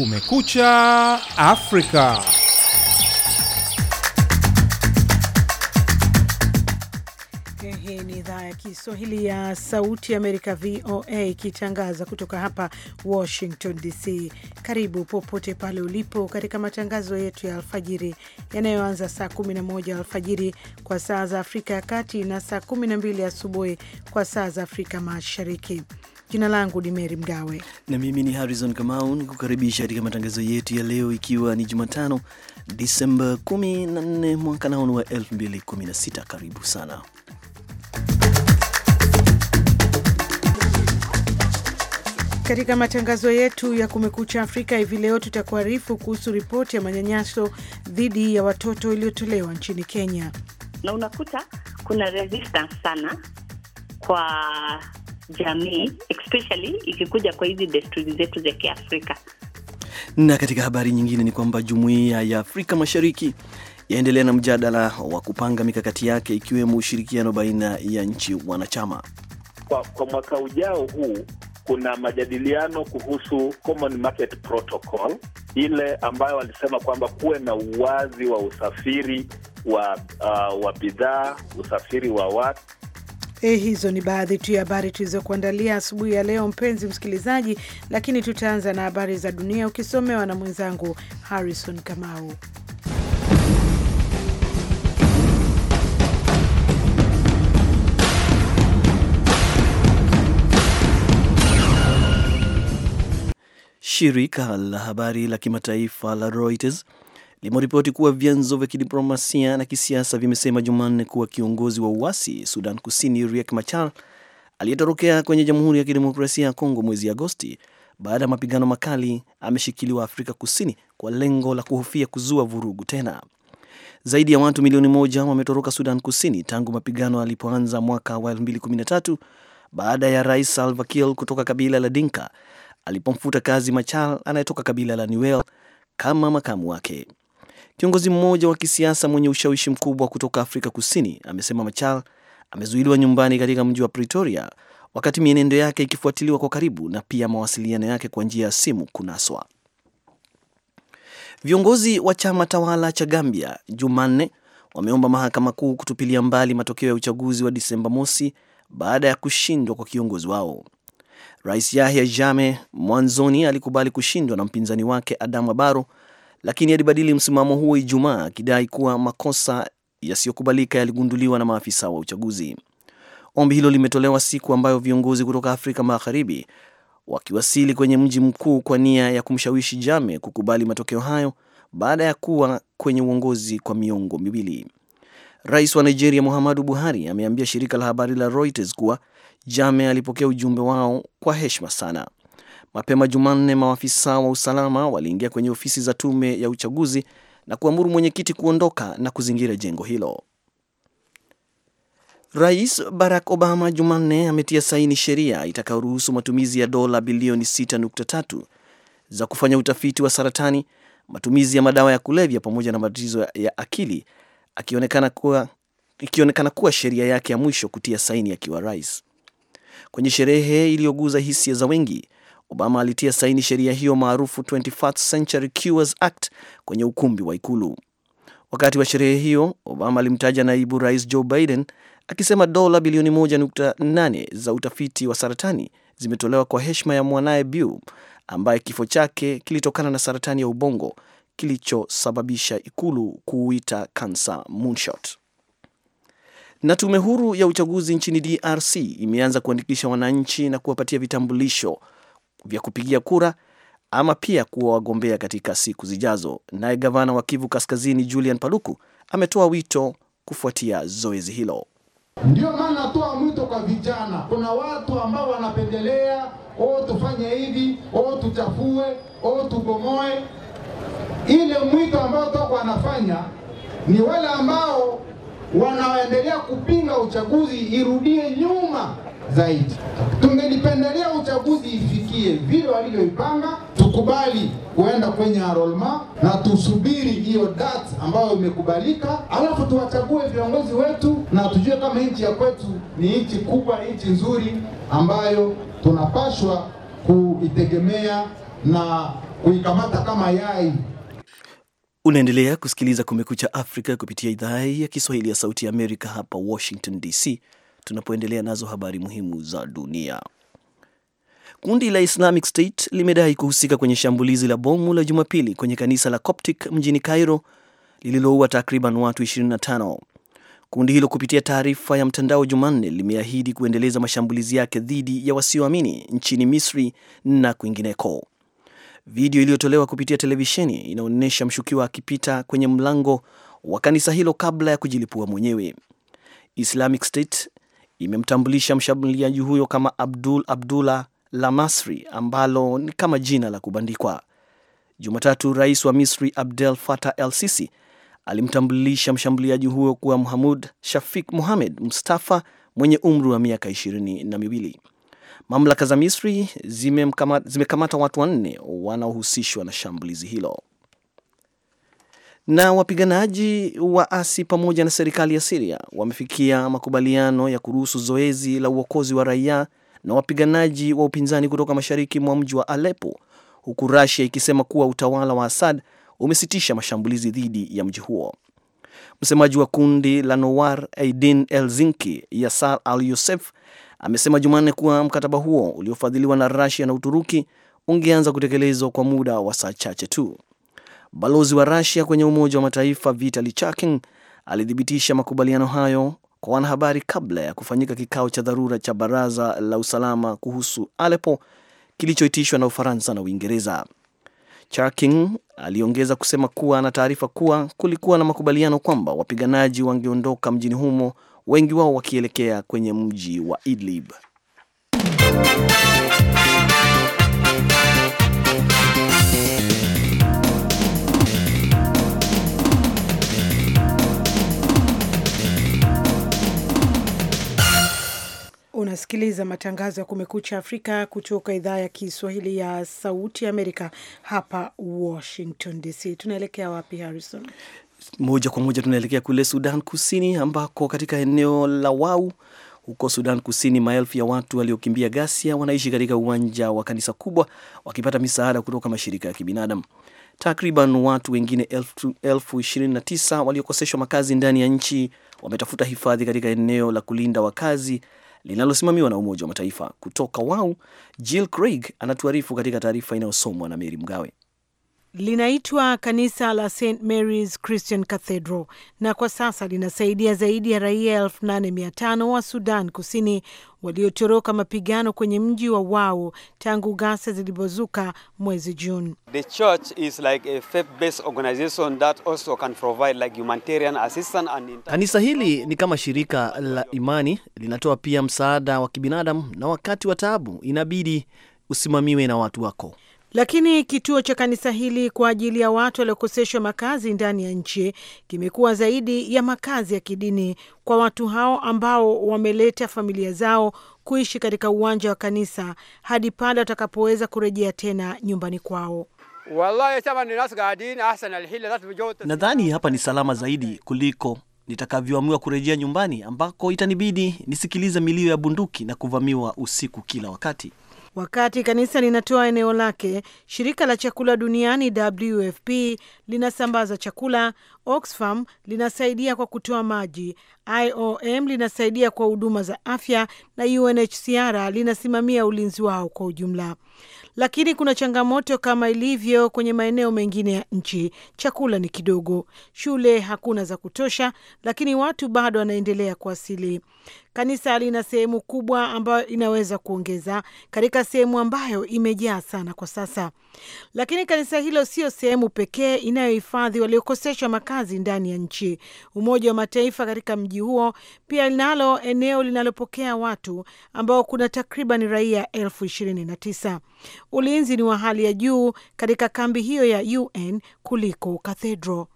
Kumekucha Afrika. Hii ni idhaa ya Kiswahili ya Sauti Amerika, VOA, ikitangaza kutoka hapa Washington DC. Karibu popote pale ulipo katika matangazo yetu ya alfajiri yanayoanza saa 11 alfajiri kwa saa za Afrika ya Kati na saa 12 asubuhi kwa saa za Afrika Mashariki Jina langu ni Meri Mgawe na mimi ni Harrison Kamau nikukaribisha katika matangazo yetu ya leo, ikiwa ni Jumatano Disemba 14 mwaka naunu wa 2016. Karibu sana katika matangazo yetu ya Kumekucha Afrika. Hivi leo tutakuarifu kuhusu ripoti ya manyanyaso dhidi ya watoto iliyotolewa nchini Kenya, na unakuta kuna resistance sana kwa jamii especially ikikuja kwa hizi desturi zetu za Kiafrika. Na katika habari nyingine ni kwamba jumuiya ya Afrika Mashariki yaendelea na mjadala wa kupanga mikakati yake ikiwemo ushirikiano baina ya nchi wanachama. Kwa, kwa mwaka ujao huu kuna majadiliano kuhusu Common Market Protocol ile ambayo walisema kwamba kuwe na uwazi wa usafiri wa, uh, wa bidhaa, usafiri wa watu Eh, hizo ni baadhi tu ya habari tulizokuandalia asubuhi ya leo, mpenzi msikilizaji, lakini tutaanza na habari za dunia ukisomewa na mwenzangu Harrison Kamau. Shirika la habari la kimataifa la Reuters limeripoti kuwa vyanzo vya kidiplomasia na kisiasa vimesema Jumanne kuwa kiongozi wa uasi Sudan Kusini Riek Machar aliyetorokea kwenye Jamhuri ya Kidemokrasia ya Kongo mwezi Agosti baada ya mapigano makali ameshikiliwa Afrika Kusini kwa lengo la kuhofia kuzua vurugu tena. Zaidi ya watu milioni moja wametoroka Sudan Kusini tangu mapigano alipoanza mwaka wa 2013 baada ya Rais Salva Kiir kutoka kabila la Dinka alipomfuta kazi Machar anayetoka kabila la Nuer kama makamu wake. Kiongozi mmoja wa kisiasa mwenye ushawishi mkubwa kutoka Afrika Kusini amesema Machar amezuiliwa nyumbani katika mji wa Pretoria wakati mienendo yake ikifuatiliwa kwa karibu na pia mawasiliano yake kwa njia ya simu kunaswa. Viongozi wa chama tawala cha Gambia Jumanne wameomba mahakama kuu kutupilia mbali matokeo ya uchaguzi wa Disemba mosi baada ya kushindwa kwa kiongozi wao. Rais Yahya jame mwanzoni alikubali kushindwa na mpinzani wake Adama Barrow lakini alibadili msimamo huo Ijumaa akidai kuwa makosa yasiyokubalika yaligunduliwa na maafisa wa uchaguzi. Ombi hilo limetolewa siku ambayo viongozi kutoka Afrika Magharibi wakiwasili kwenye mji mkuu kwa nia ya kumshawishi Jame kukubali matokeo hayo baada ya kuwa kwenye uongozi kwa miongo miwili. Rais wa Nigeria Muhammadu Buhari ameambia shirika la habari la Reuters kuwa Jame alipokea ujumbe wao kwa heshima sana. Mapema Jumanne, maafisa wa usalama waliingia kwenye ofisi za tume ya uchaguzi na kuamuru mwenyekiti kuondoka na kuzingira jengo hilo. Rais Barack Obama Jumanne ametia saini sheria itakayoruhusu matumizi ya dola bilioni 6.3 za kufanya utafiti wa saratani, matumizi ya madawa ya kulevya pamoja na matatizo ya akili, akionekana kuwa ikionekana kuwa sheria yake ya mwisho kutia saini akiwa rais. Kwenye sherehe iliyoguza hisia za wengi, Obama alitia saini sheria hiyo maarufu 21st Century Cures Act kwenye ukumbi wa Ikulu. Wakati wa sherehe hiyo, Obama alimtaja naibu rais Joe Biden akisema dola bilioni 1.8 za utafiti wa saratani zimetolewa kwa heshima ya mwanaye Bill ambaye kifo chake kilitokana na saratani ya ubongo kilichosababisha ikulu kuuita cancer moonshot. Na tume huru ya uchaguzi nchini DRC imeanza kuandikisha wananchi na kuwapatia vitambulisho vya kupigia kura ama pia kuwa wagombea katika siku zijazo. Naye gavana wa Kivu Kaskazini Julian Paluku ametoa wito kufuatia zoezi hilo. ndio maana natoa mwito kwa vijana, kuna watu ambao wanapendelea o tufanye hivi, o tuchafue, o tubomoe. Ile mwito ambao toko anafanya ni wale ambao wanaoendelea kupinga uchaguzi irudie nyuma zaidi. Tungelipendelea uchaguzi ifikie vile walivyoipanga, tukubali kuenda kwenye arolma na tusubiri hiyo dat ambayo imekubalika, alafu tuwachague viongozi wetu na tujue kama nchi ya kwetu ni nchi kubwa, nchi nzuri ambayo tunapashwa kuitegemea na kuikamata kama yai. Unaendelea kusikiliza Kumekucha Afrika kupitia idhaa ya Kiswahili ya Sauti ya Amerika hapa Washington DC, tunapoendelea nazo habari muhimu za dunia. Kundi la Islamic State limedai kuhusika kwenye shambulizi la bomu la Jumapili kwenye kanisa la Coptic mjini Cairo lililoua takriban watu 25. Kundi hilo kupitia taarifa ya mtandao Jumanne limeahidi kuendeleza mashambulizi yake dhidi ya wasioamini nchini Misri na kwingineko. Video iliyotolewa kupitia televisheni inaonyesha mshukiwa akipita kwenye mlango wa kanisa hilo kabla ya kujilipua mwenyewe. Islamic State imemtambulisha mshambuliaji huyo kama Abdul Abdullah Lamasri, ambalo ni kama jina la kubandikwa. Jumatatu, rais wa Misri Abdel Fattah El Sisi alimtambulisha mshambuliaji huyo kuwa Muhamud Shafik Muhamed Mustafa mwenye umri wa miaka ishirini na miwili. Mamlaka za Misri zimekamata zime watu wanne wanaohusishwa na shambulizi hilo. Na wapiganaji waasi pamoja na serikali ya Siria wamefikia makubaliano ya kuruhusu zoezi la uokozi wa raia na wapiganaji wa upinzani kutoka mashariki mwa mji wa Aleppo, huku Russia ikisema kuwa utawala wa Assad umesitisha mashambulizi dhidi ya mji huo. Msemaji wa kundi la Nowar Aidin El Zinki Yasar Al Yosef amesema Jumanne kuwa mkataba huo uliofadhiliwa na Rusia na Uturuki ungeanza kutekelezwa kwa muda wa saa chache tu. Balozi wa Rusia kwenye Umoja wa Mataifa Vitali Chakin alithibitisha makubaliano hayo kwa wanahabari kabla ya kufanyika kikao cha dharura cha Baraza la Usalama kuhusu Alepo kilichoitishwa na Ufaransa na Uingereza. Chakin aliongeza kusema kuwa ana taarifa kuwa kulikuwa na makubaliano kwamba wapiganaji wangeondoka mjini humo wengi wao wakielekea kwenye mji wa Idlib. Unasikiliza matangazo ya Kumekucha Afrika kutoka idhaa ya Kiswahili ya Sauti Amerika hapa Washington DC. Tunaelekea wapi, Harrison? Moja kwa moja tunaelekea kule Sudan Kusini, ambako katika eneo la Wau huko Sudan Kusini, maelfu ya watu waliokimbia ghasia wanaishi katika uwanja wa kanisa kubwa wakipata misaada kutoka mashirika ya kibinadamu. Takriban watu wengine elfu ishirini na tisa waliokoseshwa makazi ndani ya nchi wametafuta hifadhi katika eneo la kulinda wakazi linalosimamiwa na Umoja wa Mataifa. Kutoka Wau, Jill Craig anatuarifu katika taarifa inayosomwa na Meri Mgawe linaitwa kanisa la St Mary's Christian Cathedral na kwa sasa linasaidia zaidi ya raia 8500 wa Sudan Kusini waliotoroka mapigano kwenye mji wa Wau tangu ghasia zilipozuka mwezi Juni. The church is like a faith-based organization that also can provide like humanitarian assistance and kanisa hili ni kama shirika la imani linatoa pia msaada wa kibinadamu na wakati wa taabu inabidi usimamiwe na watu wako. Lakini kituo cha kanisa hili kwa ajili ya watu waliokoseshwa makazi ndani ya nchi kimekuwa zaidi ya makazi ya kidini kwa watu hao ambao wameleta familia zao kuishi katika uwanja wa kanisa hadi pale watakapoweza kurejea tena nyumbani kwao. Nadhani hapa ni salama zaidi kuliko nitakavyoamua kurejea nyumbani ambako itanibidi nisikilize milio ya bunduki na kuvamiwa usiku kila wakati. Wakati kanisa linatoa eneo lake, shirika la chakula duniani WFP linasambaza chakula, Oxfam linasaidia kwa kutoa maji, IOM linasaidia kwa huduma za afya na UNHCR linasimamia ulinzi wao kwa ujumla. Lakini kuna changamoto kama ilivyo kwenye maeneo mengine ya nchi, chakula ni kidogo, shule hakuna za kutosha, lakini watu bado wanaendelea kuasili. Kanisa lina sehemu kubwa ambayo inaweza kuongeza katika sehemu ambayo imejaa sana kwa sasa, lakini kanisa hilo sio sehemu pekee inayohifadhi waliokoseshwa makazi ndani ya nchi. Umoja wa Mataifa katika mji huo pia linalo eneo linalopokea watu ambao kuna takriban raia elfu ishirini na tisa. Ulinzi ni wa hali ya juu katika kambi hiyo ya UN kuliko kathedro.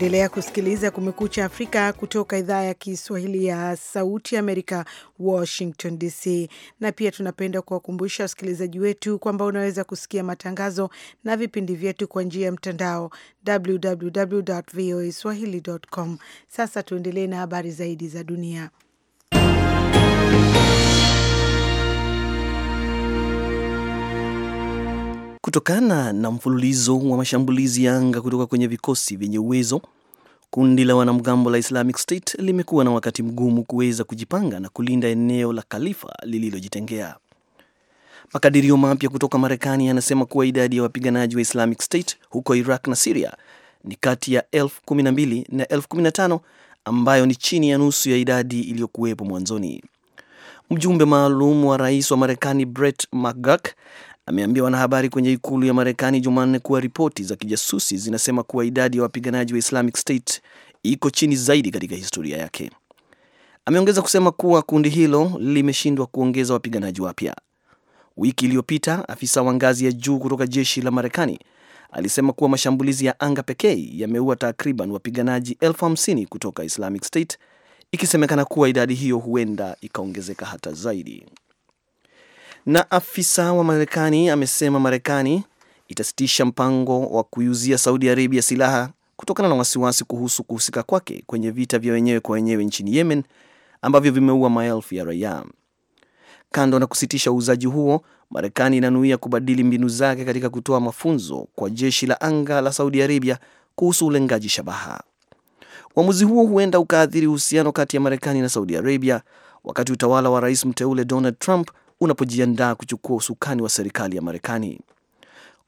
Unaendelea kusikiliza Kumekucha Afrika kutoka idhaa ya Kiswahili ya Sauti Amerika, Washington DC. Na pia tunapenda kuwakumbusha wasikilizaji wetu kwamba unaweza kusikia matangazo na vipindi vyetu kwa njia ya mtandao www voa swahili com. Sasa tuendelee na habari zaidi za dunia. Kutokana na mfululizo wa mashambulizi ya anga kutoka kwenye vikosi vyenye uwezo, kundi la wanamgambo la Islamic State limekuwa na wakati mgumu kuweza kujipanga na kulinda eneo la Khalifa lililojitengea. Makadirio mapya kutoka Marekani yanasema kuwa idadi ya wapiganaji wa Islamic State huko Iraq na Siria ni kati ya elfu na 15 elfu ambayo ni chini ya nusu ya idadi iliyokuwepo mwanzoni. Mjumbe maalum wa rais wa Marekani Brett McGurk ameambia wanahabari kwenye ikulu ya Marekani Jumanne kuwa ripoti za kijasusi zinasema kuwa idadi ya wapiganaji wa Islamic State iko chini zaidi katika historia yake. Ameongeza kusema kuwa kundi hilo limeshindwa kuongeza wapiganaji wapya. Wiki iliyopita, afisa wa ngazi ya juu kutoka jeshi la Marekani alisema kuwa mashambulizi ya anga pekee yameua takriban wapiganaji elfu hamsini kutoka Islamic State, ikisemekana kuwa idadi hiyo huenda ikaongezeka hata zaidi. Na afisa wa Marekani amesema Marekani itasitisha mpango wa kuiuzia Saudi Arabia silaha kutokana na wasiwasi kuhusu kuhusika kwake kwenye vita vya wenyewe kwa wenyewe nchini Yemen ambavyo vimeua maelfu ya raia. Kando na kusitisha uuzaji huo, Marekani inanuia kubadili mbinu zake katika kutoa mafunzo kwa jeshi la anga la Saudi Arabia kuhusu ulengaji shabaha. Uamuzi huo huenda ukaathiri uhusiano kati ya Marekani na Saudi Arabia wakati utawala wa rais mteule Donald Trump unapojiandaa kuchukua usukani wa serikali ya Marekani.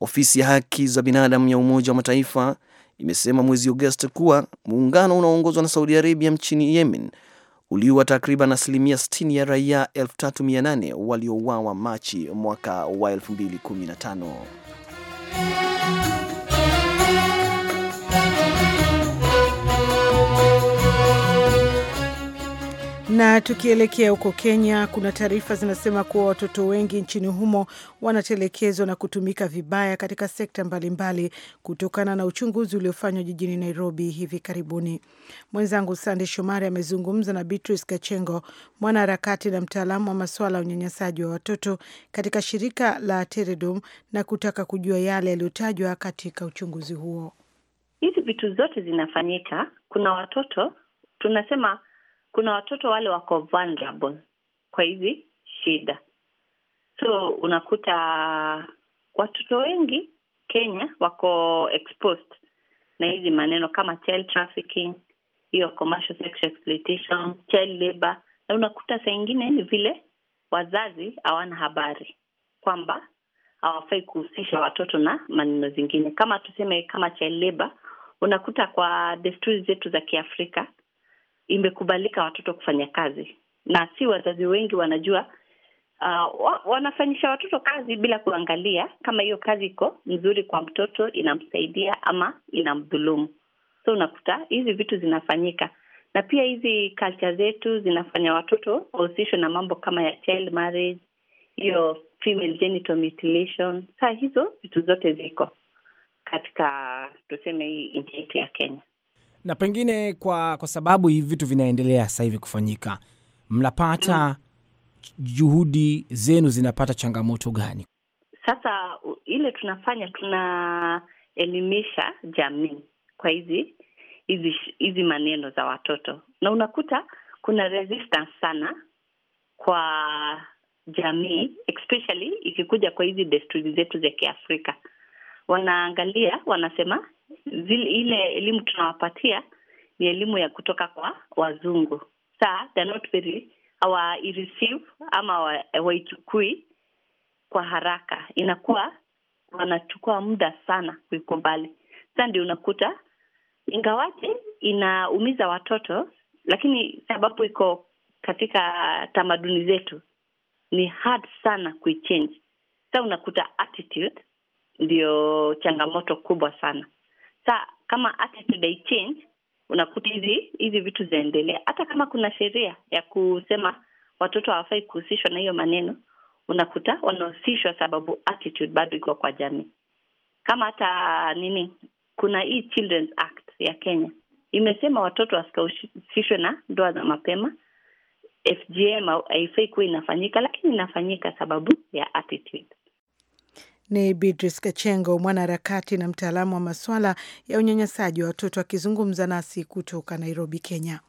Ofisi ya haki za binadamu ya Umoja wa Mataifa imesema mwezi Agosti kuwa muungano unaoongozwa na Saudi Arabia nchini Yemen uliua takriban asilimia 60 ya raia 3800 waliouawa Machi mwaka wa 2015. Na tukielekea huko Kenya, kuna taarifa zinasema kuwa watoto wengi nchini humo wanatelekezwa na kutumika vibaya katika sekta mbalimbali mbali, kutokana na uchunguzi uliofanywa jijini Nairobi hivi karibuni. Mwenzangu Sande Shomari amezungumza na Beatrice Kachengo, mwanaharakati na mtaalamu wa masuala ya unyanyasaji wa watoto katika shirika la Teredom, na kutaka kujua yale yaliyotajwa katika uchunguzi huo. Hizi vitu zote zinafanyika, kuna watoto tunasema kuna watoto wale wako vulnerable kwa hizi shida, so unakuta watoto wengi Kenya wako exposed na hizi maneno kama child trafficking, hiyo commercial sexual exploitation, child labor, na unakuta saa ingine ni vile wazazi hawana habari kwamba hawafai kuhusisha watoto na maneno zingine, kama tuseme kama child labor. Unakuta kwa desturi zetu za Kiafrika imekubalika watoto kufanya kazi, na si wazazi wengi wanajua uh, wanafanyisha watoto kazi bila kuangalia kama hiyo kazi iko nzuri kwa mtoto, inamsaidia ama inamdhulumu. So unakuta hizi vitu zinafanyika, na pia hizi culture zetu zinafanya watoto wahusishwe na mambo kama ya child marriage, hiyo female genital mutilation. Saa hizo vitu zote ziko katika tuseme hii nchi yetu ya Kenya na pengine kwa, kwa sababu hivi vitu vinaendelea sasa hivi kufanyika, mnapata juhudi zenu zinapata changamoto gani? Sasa ile tunafanya tunaelimisha jamii kwa hizi hizi hizi maneno za watoto, na unakuta kuna resistance sana kwa jamii especially ikikuja kwa hizi desturi zetu za Kiafrika, wanaangalia wanasema zile ile elimu tunawapatia ni elimu ya kutoka kwa wazungu. Saa not very receive ama waichukui kwa haraka, inakuwa wanachukua muda sana kuikubali. Sasa ndio unakuta ingawaje inaumiza watoto, lakini sababu iko katika tamaduni zetu ni hard sana kuichange. Sasa unakuta attitude ndio changamoto kubwa sana. Sa kama attitude change unakuta hizi hizi vitu zinaendelea. Hata kama kuna sheria ya kusema watoto hawafai kuhusishwa na hiyo maneno, unakuta wanahusishwa sababu attitude bado iko kwa jamii. Kama hata nini, kuna hii Children's Act ya Kenya imesema watoto wasikahusishwe na ndoa za mapema. FGM haifai kuwa inafanyika, lakini inafanyika sababu ya attitude. Ni Beatrice Kachengo, mwanaharakati na mtaalamu wa maswala ya unyanyasaji wa watoto, akizungumza nasi kutoka Nairobi, Kenya.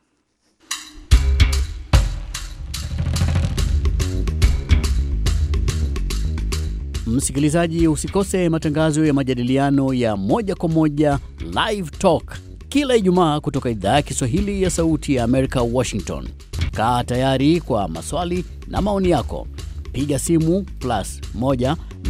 Msikilizaji, usikose matangazo ya majadiliano ya moja kwa moja, Live Talk, kila Ijumaa kutoka idhaa ya Kiswahili ya Sauti ya Amerika, Washington. Kaa tayari kwa maswali na maoni yako, piga simu plus 1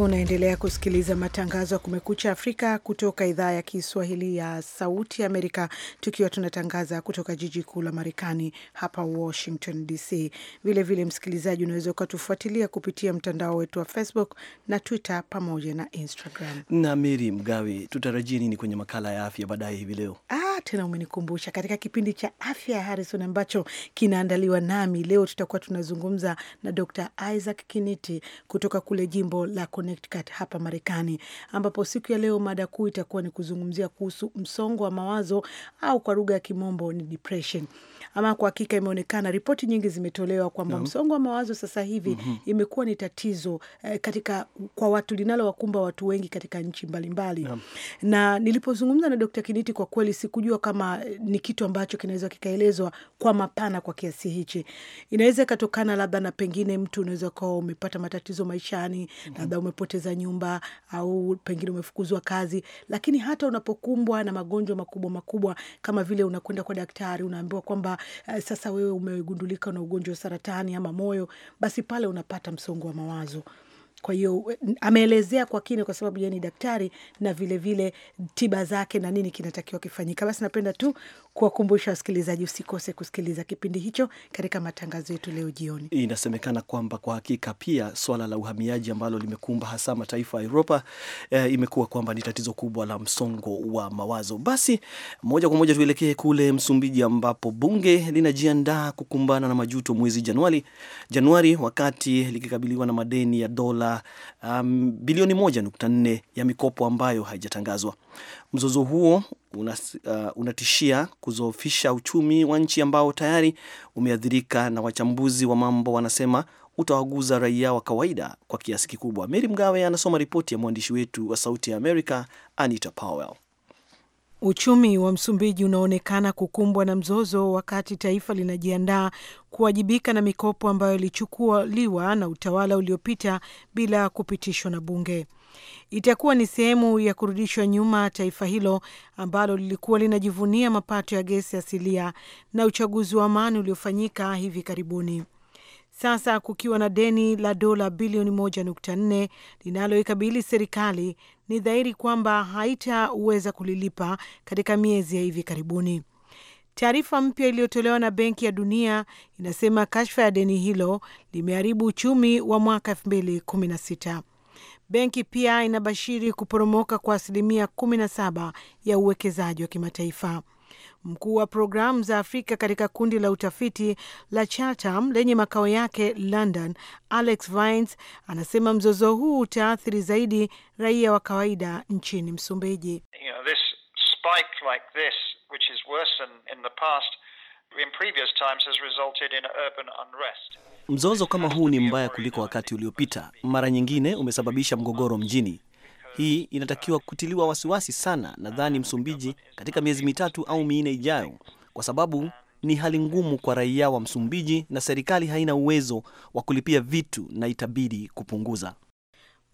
Unaendelea kusikiliza matangazo ya Kumekucha Afrika kutoka idhaa ya Kiswahili ya Sauti Amerika, tukiwa tunatangaza kutoka jiji kuu la Marekani, hapa Washington DC. Vilevile msikilizaji, unaweza ukatufuatilia kupitia mtandao wetu wa Facebook na Twitter pamoja na Instagram. Na Meri Mgawe, tutarajie nini kwenye makala ya afya baadaye hivi leo? ah, tena umenikumbusha katika kipindi cha afya ya Harrison ambacho kinaandaliwa nami. Leo tutakuwa tunazungumza na Dr. Isaac Kiniti kutoka kule jimbo la Connecticut hapa Marekani, ambapo siku ya leo mada kuu itakuwa ni kuzungumzia kuhusu msongo wa mawazo au kwa lugha ya kimombo ni depression. Ama kwa hakika imeonekana ripoti nyingi zimetolewa kwamba no. msongo wa mawazo sasa hivi mm -hmm. imekuwa ni tatizo eh, katika kwa watu linalowakumba watu wengi katika nchi mbalimbali mbali. no. na nilipozungumza na Dr. Kiniti kwa kweli sikujua kujua kama eh, ni kitu ambacho kinaweza kikaelezwa kwa mapana kwa kiasi hichi. Inaweza ikatokana labda na pengine mtu unaweza kuwa umepata matatizo maishani, mhm. labda umepoteza nyumba au pengine umefukuzwa kazi, lakini hata unapokumbwa na magonjwa makubwa makubwa kama vile unakwenda kwa daktari, unaambiwa kwamba uh, sasa wewe umegundulika na ugonjwa wa saratani ama moyo, basi pale unapata msongo wa mawazo. Kwa hiyo ameelezea kwa kina kwa sababu yeye ni daktari na vilevile vile tiba zake na nini kinatakiwa kifanyika. Basi napenda tu kuwakumbusha wasikilizaji usikose kusikiliza kipindi hicho katika matangazo yetu leo jioni. Inasemekana kwamba kwa hakika pia swala la uhamiaji ambalo limekumba hasa mataifa ya Uropa e, eh, imekuwa kwamba ni tatizo kubwa la msongo wa mawazo. Basi moja kwa moja tuelekee kule Msumbiji ambapo bunge linajiandaa kukumbana na majuto mwezi Januari, Januari wakati likikabiliwa na madeni ya dola um, bilioni 1.4 ya mikopo ambayo haijatangazwa. Mzozo huo uh, unatishia kuzoofisha uchumi wa nchi ambao tayari umeathirika, na wachambuzi wa mambo wanasema utawaguza raia wa kawaida kwa kiasi kikubwa. Meri Mgawe anasoma ripoti ya mwandishi wetu wa Sauti ya Amerika, Anita Powell. Uchumi wa Msumbiji unaonekana kukumbwa na mzozo wakati taifa linajiandaa kuwajibika na mikopo ambayo ilichukuliwa na utawala uliopita bila kupitishwa na bunge itakuwa ni sehemu ya kurudishwa nyuma taifa hilo ambalo lilikuwa linajivunia mapato ya gesi asilia na uchaguzi wa amani uliofanyika hivi karibuni. Sasa kukiwa na deni la dola bilioni 1.4 linaloikabili serikali, ni dhahiri kwamba haitaweza kulilipa katika miezi ya hivi karibuni. Taarifa mpya iliyotolewa na Benki ya Dunia inasema kashfa ya deni hilo limeharibu uchumi wa mwaka 2016. Benki pia inabashiri kuporomoka kwa asilimia 17 ya uwekezaji wa kimataifa. Mkuu wa programu za Afrika katika kundi la utafiti la Chatham lenye makao yake London, Alex Vines, anasema mzozo huu utaathiri zaidi raia wa kawaida nchini Msumbiji. you know, this spike like this, which is worse than in the past in previous times has resulted in urban unrest. Mzozo kama huu ni mbaya kuliko wakati uliopita, mara nyingine umesababisha mgogoro mjini. Hii inatakiwa kutiliwa wasiwasi sana, nadhani Msumbiji katika miezi mitatu au minne ijayo, kwa sababu ni hali ngumu kwa raia wa Msumbiji na serikali haina uwezo wa kulipia vitu na itabidi kupunguza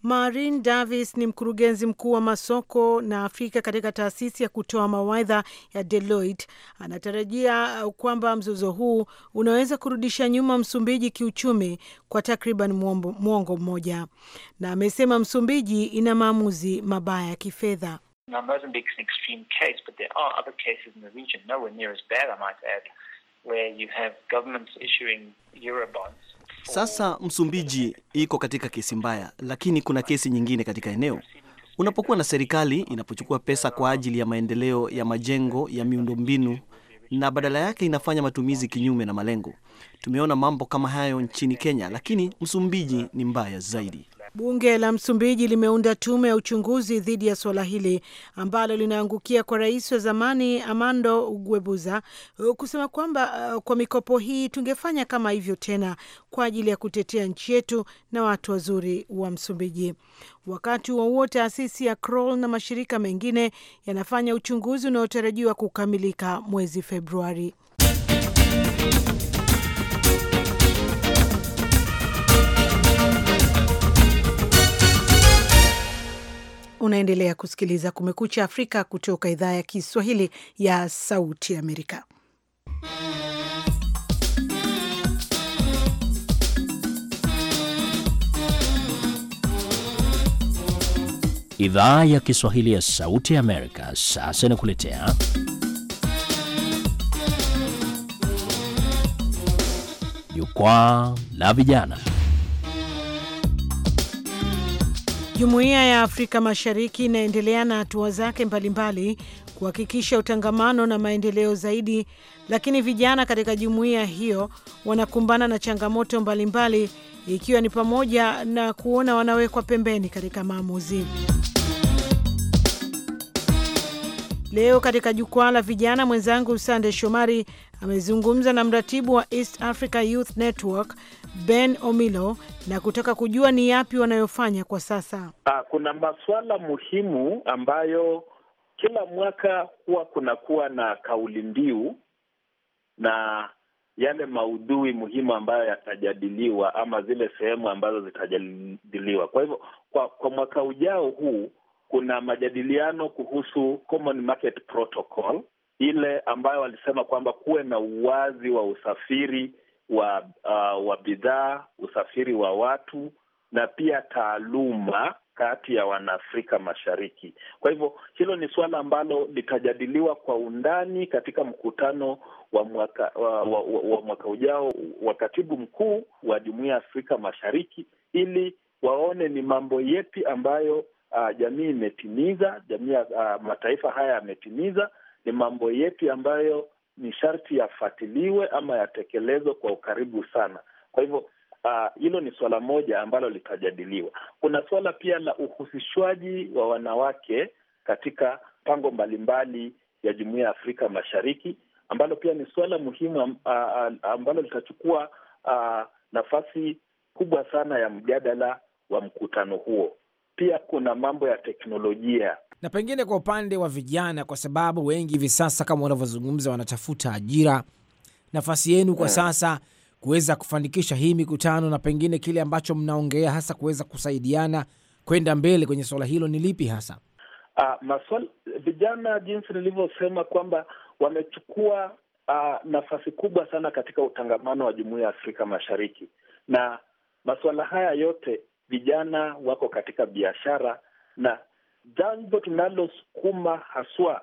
Marin Davis ni mkurugenzi mkuu wa masoko na Afrika katika taasisi ya kutoa mawaidha ya Deloitte. Anatarajia uh, kwamba mzozo huu unaweza kurudisha nyuma Msumbiji kiuchumi kwa takriban mwongo mmoja, na amesema Msumbiji ina maamuzi mabaya ya kifedha. Now, where you have governments issuing Sasa Msumbiji iko katika kesi mbaya, lakini kuna kesi nyingine katika eneo unapokuwa na serikali inapochukua pesa kwa ajili ya maendeleo ya majengo ya miundombinu na badala yake inafanya matumizi kinyume na malengo. Tumeona mambo kama hayo nchini Kenya, lakini Msumbiji ni mbaya zaidi. Bunge la Msumbiji limeunda tume ya uchunguzi dhidi ya suala hili ambalo linaangukia kwa rais wa zamani Armando Guebuza kusema kwamba uh, kwa mikopo hii tungefanya kama hivyo tena kwa ajili ya kutetea nchi yetu na watu wazuri wa Msumbiji. Wakati huo huo, taasisi ya Kroll na mashirika mengine yanafanya uchunguzi unaotarajiwa kukamilika mwezi Februari. Unaendelea kusikiliza Kumekucha Afrika kutoka idhaa ya Kiswahili ya Sauti Amerika. Idhaa ya Kiswahili ya Sauti Amerika sasa inakuletea jukwaa la vijana. Jumuiya ya Afrika Mashariki inaendelea na hatua zake mbalimbali kuhakikisha utangamano na maendeleo zaidi, lakini vijana katika jumuiya hiyo wanakumbana na changamoto mbalimbali, ikiwa ni pamoja na kuona wanawekwa pembeni katika maamuzi. Leo katika jukwaa la vijana, mwenzangu Sande Shomari amezungumza na mratibu wa East Africa Youth Network Ben Omilo na kutaka kujua ni yapi wanayofanya kwa sasa. Ah, kuna masuala muhimu ambayo kila mwaka huwa kunakuwa na kauli mbiu na yale maudhui muhimu ambayo yatajadiliwa ama zile sehemu ambazo zitajadiliwa. Kwa hivyo kwa, kwa mwaka ujao huu kuna majadiliano kuhusu Common Market Protocol, ile ambayo walisema kwamba kuwe na uwazi wa usafiri wa uh, wa bidhaa, usafiri wa watu na pia taaluma kati ya Wanaafrika Mashariki. Kwa hivyo hilo ni suala ambalo litajadiliwa kwa undani katika mkutano wa mwaka, wa, wa, wa mwaka ujao wa katibu mkuu wa Jumuiya ya Afrika Mashariki ili waone ni mambo yepi ambayo uh, jamii imetimiza, jamii uh, mataifa haya yametimiza. Ni mambo yepi ambayo ni sharti yafuatiliwe ama yatekelezwe kwa ukaribu sana. Kwa hivyo ah, hilo uh, ni suala moja ambalo litajadiliwa. Kuna suala pia la uhusishwaji wa wanawake katika pango mbalimbali ya jumuia ya Afrika Mashariki ambalo pia ni suala muhimu ambalo litachukua uh, nafasi kubwa sana ya mjadala wa mkutano huo pia kuna mambo ya teknolojia na pengine kwa upande wa vijana, kwa sababu wengi hivi sasa kama wanavyozungumza wanatafuta ajira. Nafasi yenu kwa hmm. sasa kuweza kufanikisha hii mikutano na pengine kile ambacho mnaongea hasa kuweza kusaidiana kwenda mbele kwenye suala hilo ni lipi hasa? Uh, maswali vijana, jinsi nilivyosema kwamba wamechukua uh, nafasi kubwa sana katika utangamano wa Jumuiya ya Afrika Mashariki na masuala haya yote vijana wako katika biashara, na jambo tunalosukuma haswa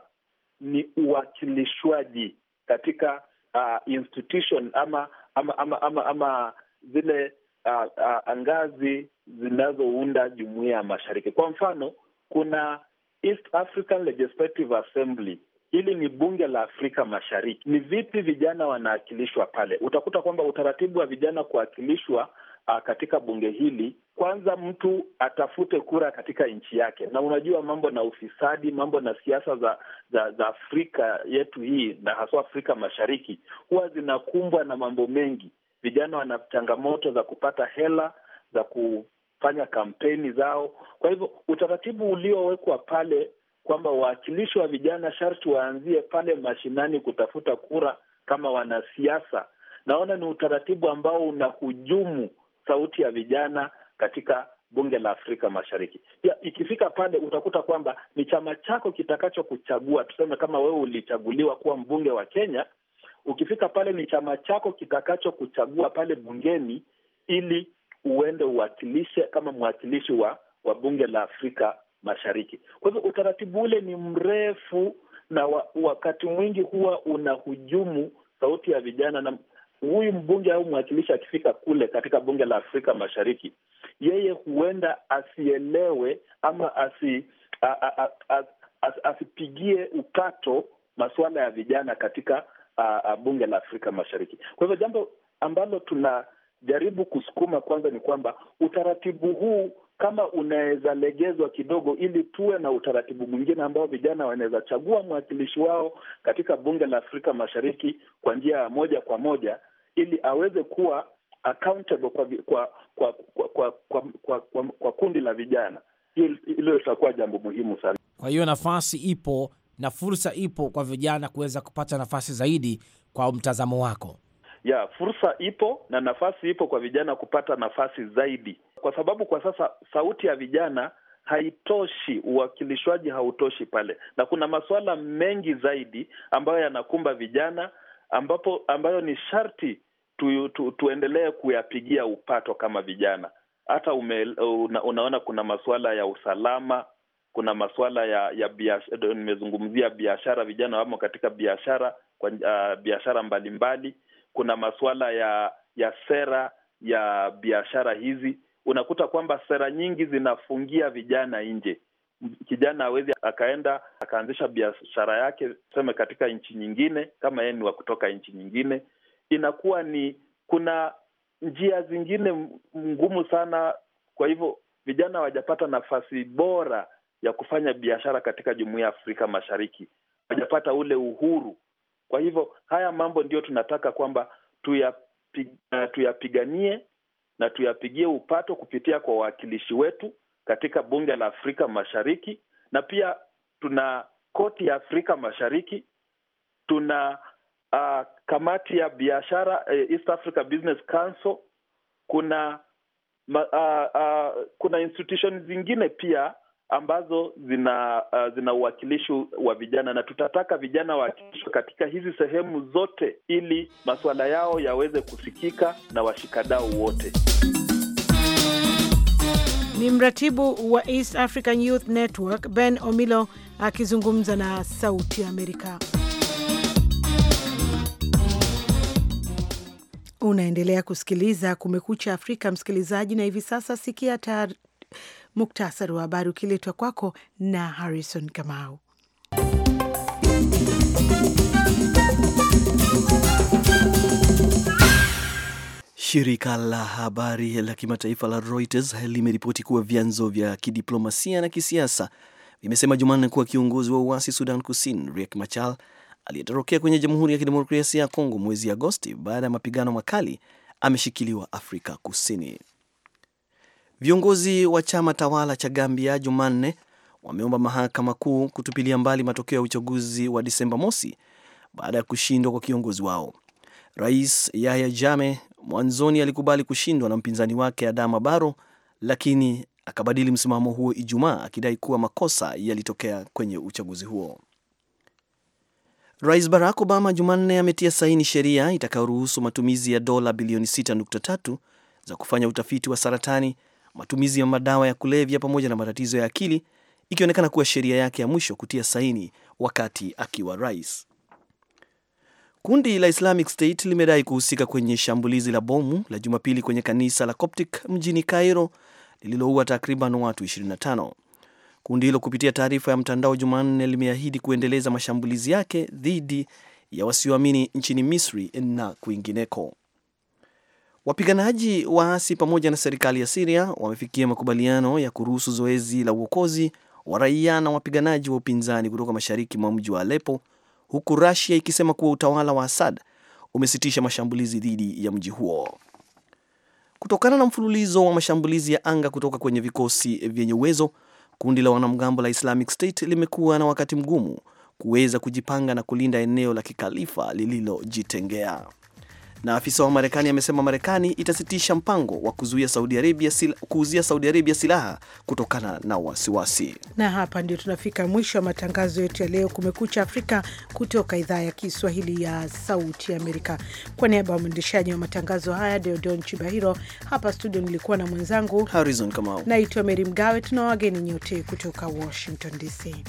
ni uwakilishwaji katika uh, institution ama ama ama ama, ama zile uh, uh, ngazi zinazounda jumuiya ya mashariki. Kwa mfano, kuna East African Legislative Assembly, hili ni bunge la Afrika Mashariki. Ni vipi vijana wanawakilishwa pale? Utakuta kwamba utaratibu wa vijana kuwakilishwa uh, katika bunge hili, kwanza mtu atafute kura katika nchi yake. Na unajua mambo na ufisadi, mambo na siasa za, za, za Afrika yetu hii na haswa Afrika Mashariki huwa zinakumbwa na mambo mengi. Vijana wana changamoto za kupata hela za kufanya kampeni zao. Kwa hivyo utaratibu uliowekwa pale kwamba wawakilishi wa vijana sharti waanzie pale mashinani kutafuta kura kama wanasiasa, naona ni utaratibu ambao unahujumu sauti ya vijana katika bunge la Afrika Mashariki. Pia ikifika pale utakuta kwamba ni chama chako kitakachokuchagua. Tuseme kama wewe ulichaguliwa kuwa mbunge wa Kenya, ukifika pale ni chama chako kitakachokuchagua pale bungeni ili uende uwakilishe kama mwakilishi wa, wa bunge la Afrika Mashariki. Kwa hivyo utaratibu ule ni mrefu na wa, wakati mwingi huwa unahujumu sauti ya vijana na huyu mbunge au mwakilishi akifika kule katika bunge la Afrika Mashariki, yeye huenda asielewe ama asi, a, a, a, a, as, asipigie ukato masuala ya vijana katika a, a, bunge la Afrika Mashariki. Kwa hivyo jambo ambalo tunajaribu kusukuma kwanza ni kwamba utaratibu huu kama unaweza legezwa kidogo, ili tuwe na utaratibu mwingine ambao vijana wanaweza chagua mwakilishi wao katika bunge la Afrika Mashariki kwa njia ya moja kwa moja, ili aweze kuwa accountable kwa kwa kwa kwa, kwa, kwa, kwa, kwa, kwa kundi la vijana. Hilo litakuwa jambo muhimu sana. Kwa hiyo nafasi ipo na fursa ipo kwa vijana kuweza kupata nafasi zaidi. Kwa mtazamo wako, ya fursa ipo na nafasi ipo kwa vijana kupata nafasi zaidi, kwa sababu kwa sasa sauti ya vijana haitoshi, uwakilishwaji hautoshi pale, na kuna masuala mengi zaidi ambayo yanakumba vijana ambapo ambayo ni sharti tu, tu, tuendelee kuyapigia upato kama vijana. Hata ume, una, unaona kuna masuala ya usalama, kuna masuala ya, ya biashara. Nimezungumzia biashara, vijana wamo katika biashara kwa uh, biashara mbalimbali. Kuna masuala ya ya sera ya biashara hizi, unakuta kwamba sera nyingi zinafungia vijana nje. Kijana awezi akaenda akaanzisha biashara yake, tuseme katika nchi nyingine, kama yeye ni wa kutoka nchi nyingine inakuwa ni kuna njia zingine ngumu sana. Kwa hivyo vijana hawajapata nafasi bora ya kufanya biashara katika jumuiya ya Afrika Mashariki, hawajapata ule uhuru. Kwa hivyo haya mambo ndiyo tunataka kwamba eh, tuyapiganie na tuyapigie upato kupitia kwa wawakilishi wetu katika bunge la Afrika Mashariki, na pia tuna koti ya Afrika Mashariki, tuna uh, kamati ya biashara uh, East Africa Business Council, kuna uh, uh, kuna institution zingine pia ambazo zina uh, zina uwakilishi wa vijana na tutataka vijana wawakilishwe katika hizi sehemu zote, ili masuala yao yaweze kusikika na washikadau wote. Ni mratibu wa East African Youth Network Ben Omilo akizungumza na Sauti ya Amerika. Unaendelea kusikiliza Kumekucha Afrika, msikilizaji, na hivi sasa sikia tar... muktasari wa habari ukiletwa kwako na Harrison Kamau. Shirika la habari la kimataifa la Reuters limeripoti kuwa vyanzo vya kidiplomasia na kisiasa vimesema Jumanne kuwa kiongozi wa uasi Sudan Kusini Riek Machar aliyetorokea kwenye Jamhuri ya Kidemokrasia ya Kongo mwezi Agosti baada ya mapigano makali ameshikiliwa Afrika Kusini. Viongozi wa chama tawala cha Gambia Jumanne wameomba mahakama kuu kutupilia mbali matokeo ya uchaguzi wa Disemba mosi baada ya kushindwa kwa kiongozi wao. Rais Yahya Jame mwanzoni alikubali kushindwa na mpinzani wake Adama Baro, lakini akabadili msimamo huo Ijumaa akidai kuwa makosa yalitokea kwenye uchaguzi huo. Rais Barack Obama Jumanne ametia saini sheria itakayoruhusu matumizi ya dola bilioni 6.3 za kufanya utafiti wa saratani, matumizi ya madawa ya kulevya pamoja na matatizo ya akili, ikionekana kuwa sheria yake ya mwisho kutia saini wakati akiwa rais. Kundi la Islamic State limedai kuhusika kwenye shambulizi la bomu la Jumapili kwenye kanisa la Coptic mjini Cairo lililoua takriban watu 25. Kundi hilo kupitia taarifa ya mtandao Jumanne limeahidi kuendeleza mashambulizi yake dhidi ya wasioamini nchini Misri na kwingineko. Wapiganaji waasi pamoja na serikali ya Siria wamefikia makubaliano ya kuruhusu zoezi la uokozi wa raia na wapiganaji wa upinzani kutoka mashariki mwa mji wa Alepo, huku Rusia ikisema kuwa utawala wa Assad umesitisha mashambulizi dhidi ya mji huo kutokana na mfululizo wa mashambulizi ya anga kutoka kwenye vikosi vyenye uwezo. Kundi la wanamgambo la Islamic State limekuwa na wakati mgumu kuweza kujipanga na kulinda eneo la kikalifa lililojitengea. Na afisa wa Marekani amesema Marekani itasitisha mpango wa kuzuia Saudi Arabia kuuzia Saudi Arabia silaha kutokana na wasiwasi. Na hapa ndio tunafika mwisho wa matangazo yetu ya leo, Kumekucha Afrika, kutoka idhaa ya Kiswahili ya Sauti Amerika. Kwa niaba ya mwendeshaji wa matangazo haya Deodon Chibahiro, hapa studio nilikuwa na mwenzangu Harrison Kamau, naitwa Meri Mgawe. Tuna wageni nyote kutoka Washington DC.